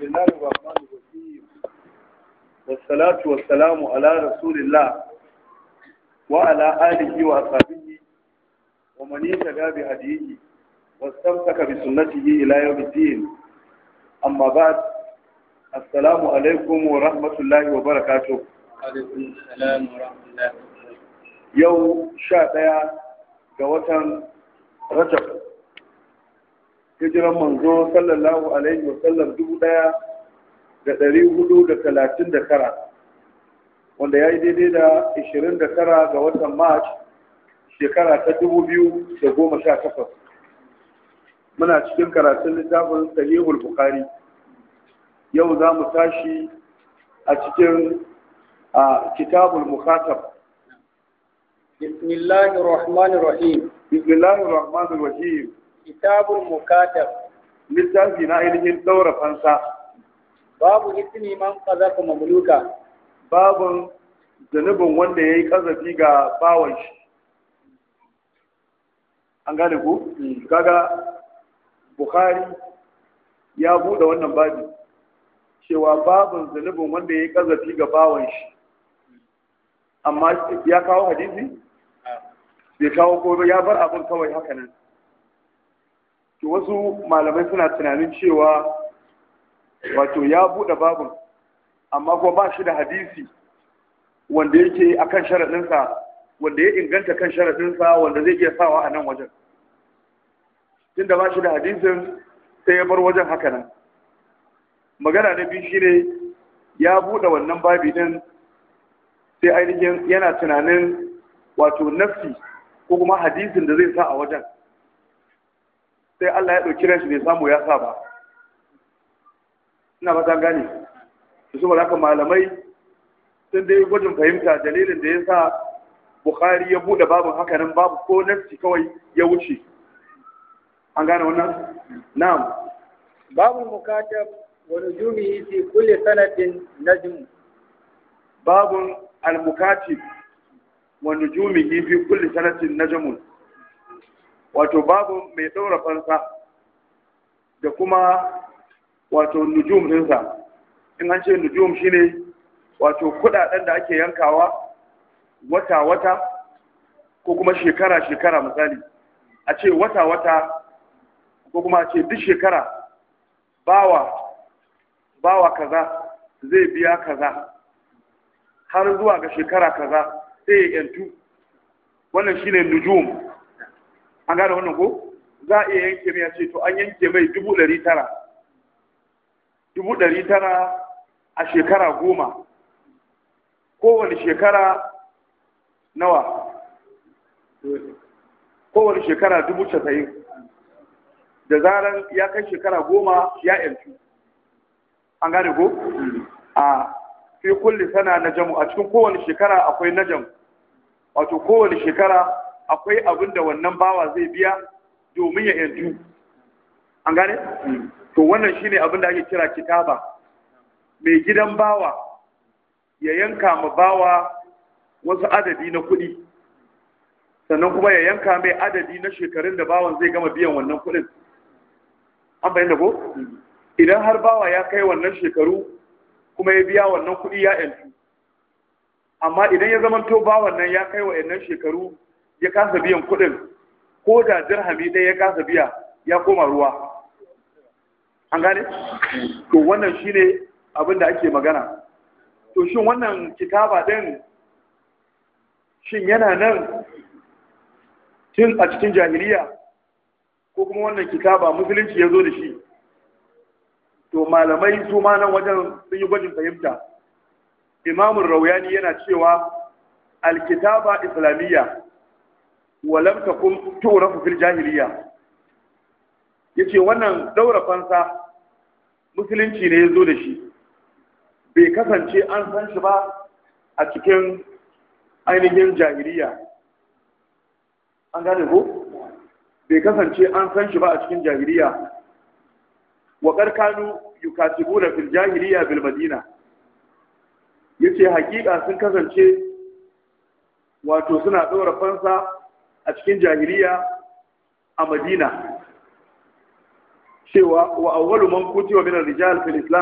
بسم الله الرحمن الرحيم والصلاة والسلام على رسول الله وعلى آله وأصحابه ومن يتبع بهديه واستمسك بسنته إلى يوم الدين أما بعد السلام عليكم ورحمة الله وبركاته عليكم السلام ورحمة الله يوم شاء ga watan Rajab hijiran manzo sallallahu alaihi wa sallam dubu ɗaya da ɗari hudu da talatin da tara wanda ya yi daidai da ishirin da tara ga watan march shekara ta dubu biyu da goma sha takwas muna cikin karatun littafin sahihul bukhari yau za mu tashi a cikin kitabul mukatab بسم الله الرحمن الرحيم بسم الله الرحمن الرحيم kitabul mukatab littafi na ainihin daura fansa babu ismi man qazafa mamluka babun zanubin wanda yayi kazafi ga bawan shi an gane ku hmm. kaga bukhari ya bude wannan babi cewa babun zanubin wanda yayi kazafi ga bawan shi amma ya kawo hadisi ah. bai kawo ko ya bar abin kawai haka nan wasu malamai suna tunanin cewa wato ya buɗe babin amma kuma ba shi da hadisi wanda yake akan sharaɗinsa wanda ya inganta kan sharaɗinsa wanda zai iya sawa a nan wajen tunda ba shi da hadisin sai ya bar wajen haka nan magana na biyu shine ya buɗe wannan babi ɗin sai ainihin yana tunanin wato nafsi ko kuma hadisin da zai sa a wajen sai Allah ya ɗauki ranshi bai samu ya sa ba ina ba gani. gane su saboda haka malamai sun dai gwajin fahimta dalilin da ya sa Bukhari ya buɗe babin haka nan babu ko nafci kawai ya wuce an gane wannan na'am babu mukatab wa nujumihi fi kulli sanatin najm babun al-mukatib wa nujumihi fi kulli sanatin najmun wato babu mai ɗaura fansa da kuma wato nujum ɗinsa in an ce nujum shine wato kuɗaɗen da ake yankawa wata-wata ko kuma shekara-shekara misali a ce wata-wata ko kuma ce duk shekara bawa bawa kaza zai biya kaza har zuwa ga shekara kaza sai ya yantu wannan shine nujum an gane wannan ko za a iya yanke mai ya ce to an yanke mai dubu ɗari tara dubu ɗari tara a shekara goma kowane shekara nawa kowane shekara dubu casa'in da zaran ya kai shekara goma ya yanci an gane ko a fi kulle sana jamu. a cikin kowane shekara akwai jamu wato kowane shekara akwai abin da wannan bawa zai biya domin ya yanzu an gane to wannan shine abin da ake kira kitaba mai gidan bawa ya yanka ma bawa wasu adadi na kuɗi sannan kuma ya yanka mai adadi na shekarun da bawan zai gama biyan wannan kuɗin an da ko idan har bawa ya kai wannan shekaru kuma ya biya wannan kuɗi ya yanzu amma idan ya zama to bawan nan ya kai wa yannan shekaru ya kasa biyan kuɗin ko da dirhami ɗaya ya kasa biya ya koma ruwa an gane to wannan shine abin da ake magana to shin wannan kitaba ɗin shin yana nan tun a cikin jahiliya ko kuma wannan kitaba musulunci ya zo da shi to malamai su ma nan wajen sun yi gwajin fahimta imamun rauyani yana cewa alkitaba islamiyya walam takum tu'rafu fil jahiliya yace wannan daura fansa musulunci ne yazo da shi bai kasance an san shi ba a cikin ainihin jahiliya an gane ko bai kasance an san shi ba a cikin jahiliya wa karkanu yukatibuna fil jahiliya bil madina yace hakika sun kasance wato suna ɗora fansa a cikin jahiliya a madina cewa wa awwalu man kutiwa min ar-rijal fil islam